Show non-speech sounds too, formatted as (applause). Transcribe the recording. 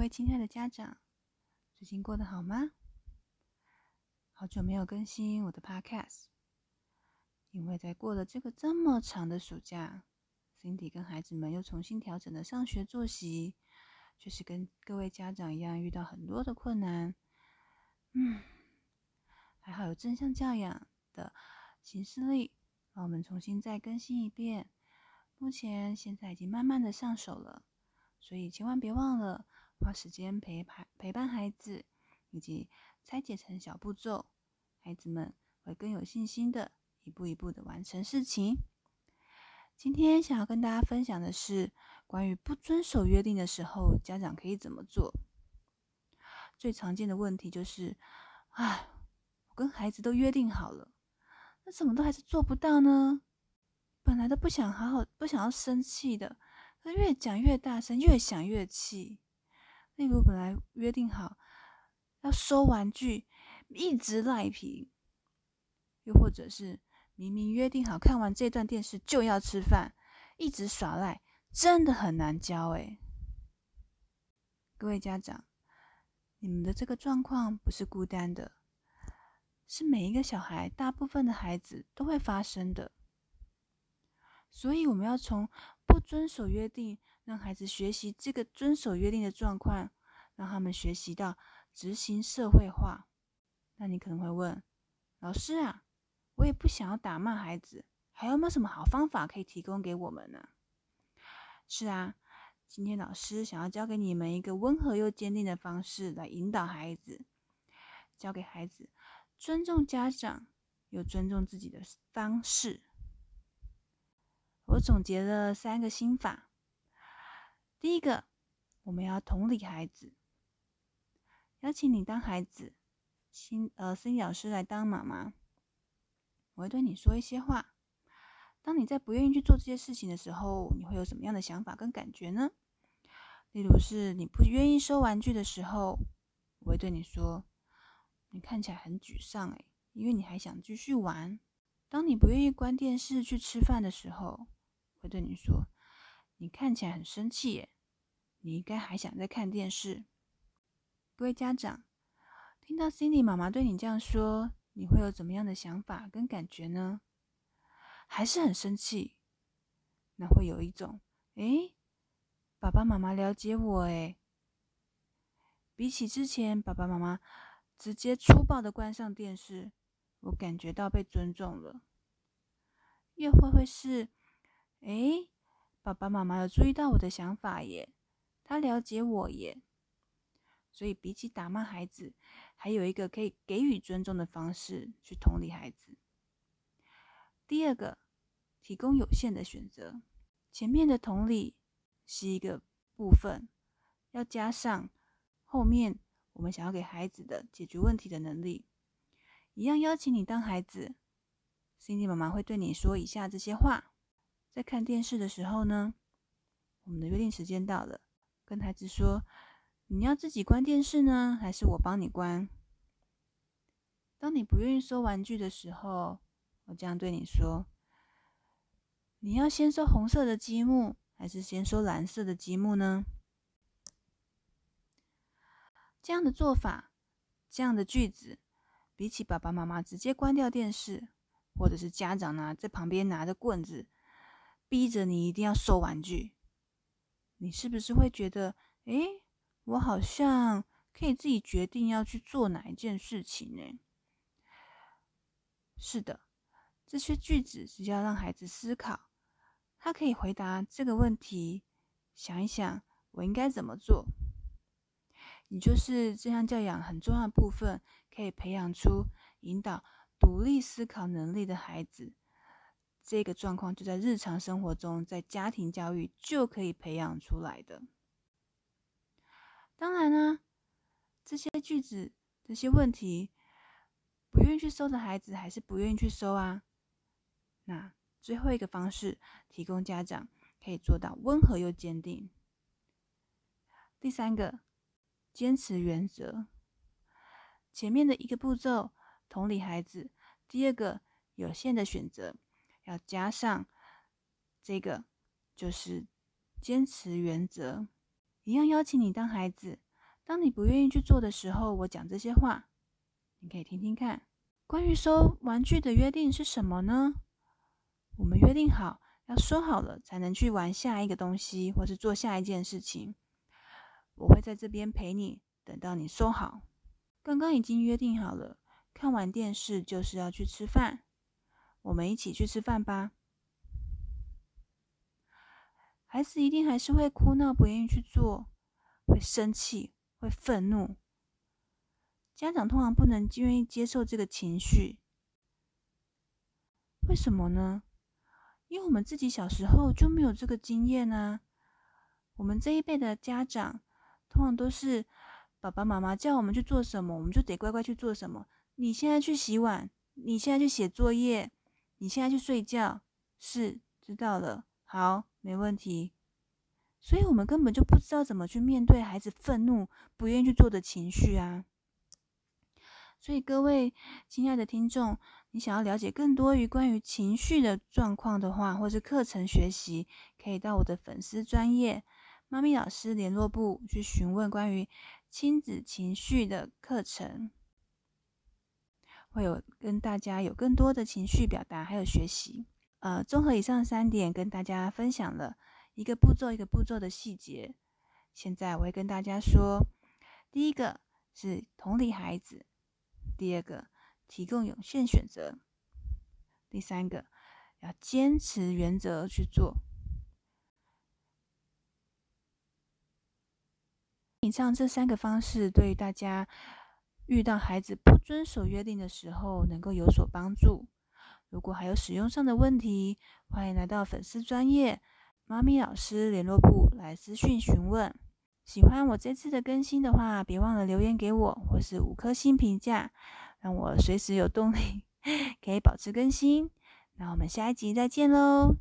各位親愛的家長，最近過得好嗎？好久沒有更新我的 Podcast，因為在過了這個這麼長的暑假 (noise) ，Cindy 跟孩子們又重新調整了上學作息，確實跟各位家長一樣遇到很多的困難。嗯，還好有正向教養的行事曆，幫我們重新再更新一遍。目前現在已經慢慢的上手了，所以千萬別忘了，花時間陪伴陪伴孩子，以及拆解成小步驟，孩子們會更有信心的一步一步的完成事情。今天想要跟大家分享的是關於不遵守約定的時候，家長可以怎麼做。最常見的問題就是，哎，我跟孩子都約定好了，那怎麼都還是做不到呢？本來都不想好好，不想要生氣的，越講越大聲，越想越氣。例如本來約定好要收玩具，一直賴皮；又或者是明明約定好看完這段電視就要吃飯，一直耍賴，真的很難教誒。各位家長，你們的這個狀況不是孤單的，是每一個小孩，大部分的孩子都會發生的。所以我們要從不遵守約定，讓孩子學習這個遵守約定的狀況，讓他們學習到執行社會化。那你可能會問，老師啊，我也不想要打罵孩子，還有沒有什麼好方法可以提供給我們呢？是啊，今天老師想要教給你們一個溫和又堅定的方式來引導孩子，教給孩子，尊重家長，又尊重自己的方式。我總結了三個心法。第一個，我們要同理孩子，邀請你當孩子心呃心理老師來當媽媽。我會對你說一些話。當你在不願意去做這些事情的時候，你會有什麼樣的想法跟感覺呢？例如是，你不願意收玩具的時候，我會對你說，你看起來很沮喪欸，因為你還想繼續玩。當你不願意關電視去吃飯的時候，會對你說：“你看起來很生氣耶，你應該還想再看電視。”各位家長，聽到 Cindy 媽媽對你這樣說，你會有怎麼樣的想法跟感覺呢？還是很生氣？那會有一種，哎，爸爸媽媽了解我誒。比起之前，爸爸媽媽直接粗暴的關上電視，我感覺到被尊重了。又會不會是？誒、欸，爸爸媽媽有注意到我的想法耶，他了解我耶，所以比起打罵孩子，還有一個可以給予尊重的方式去同理孩子。第二個，提供有限的選擇。前面的同理是一個部分，要加上後面我們想要給孩子的解決問題的能力。一樣邀請你當孩子，Cindy 媽媽會對你說以下這些話。在看電視的時候呢，我們的約定時間到了，跟孩子說：“你要自己關電視呢，還是我幫你關？”當你不願意收玩具的時候，我這樣對你說：“你要先收紅色的積木，還是先收藍色的積木呢？”這樣的做法，這樣的句子，比起爸爸媽媽直接關掉電視，或者是家長呢，在旁邊拿着棍子，逼着你一定要收玩具，你是不是會覺得，哎，我好像可以自己決定要去做哪一件事情呢？是的，這些句子是要讓孩子思考，他可以回答這個問題：想一想，我應該怎麼做？你就是這項教養，很重要的部分可以培養出引導獨立思考能力的孩子。這個狀況就在日常生活中，在家庭教育就可以培養出來的。當然呢、啊，這些句子，這些問題，不願意去收的孩子還是不願意去收啊。那最後一個方式，提供家長可以做到溫和又堅定。第三個，堅持原則。前面的一個步驟，同理孩子；第二個，有限的選擇。要加上這個，就是堅持原則。一樣邀請你當孩子，當你不願意去做的時候，我講這些話，你可以聽聽看。關於收玩具的約定是什麼呢？我們約定好，要收好了才能去玩下一個東西，或是做下一件事情。我會在這邊陪你，等到你收好。剛剛已經約定好了，看完電視就是要去吃飯。我們一起去吃飯吧。孩子一定還是會哭鬧，不願意去做，會生氣，會憤怒。家長通常不能願意接受這個情緒。為什麼呢？因為我們自己小時候就沒有這個經驗啊。我們這一輩的家長，通常都是爸爸媽媽叫我們去做什麼，我們就得乖乖去做什麼。你現在去洗碗，你現在去寫作業。你現在去睡覺，是知道了，好，沒問題。所以，我們根本就不知道怎麼去面對孩子憤怒、不願意去做的情緒啊。所以，各位親愛的聽眾，你想要了解更多於關於情緒的狀況的話，或是課程學習，可以到我的粉絲專頁媽咪老師聯絡部去詢問關於親子情緒的課程。會有跟大家有更多的情緒表達，還有學習。呃，綜合以上三點，跟大家分享了一個步驟一個步驟的細節。現在我會跟大家說，第一個是同理孩子，第二個提供有限選擇，第三個要堅持原則去做。以上這三個方式對於大家遇到孩子不遵守約定的時候，能夠有所幫助。如果還有使用上的問題，歡迎來到粉絲專頁，媽咪老師聯絡部來諮詢詢問。喜歡我這次的更新的話，別忘了留言給我，或是五顆星評價，讓我隨時有動力可以保持更新。那我們下一集再見嘍。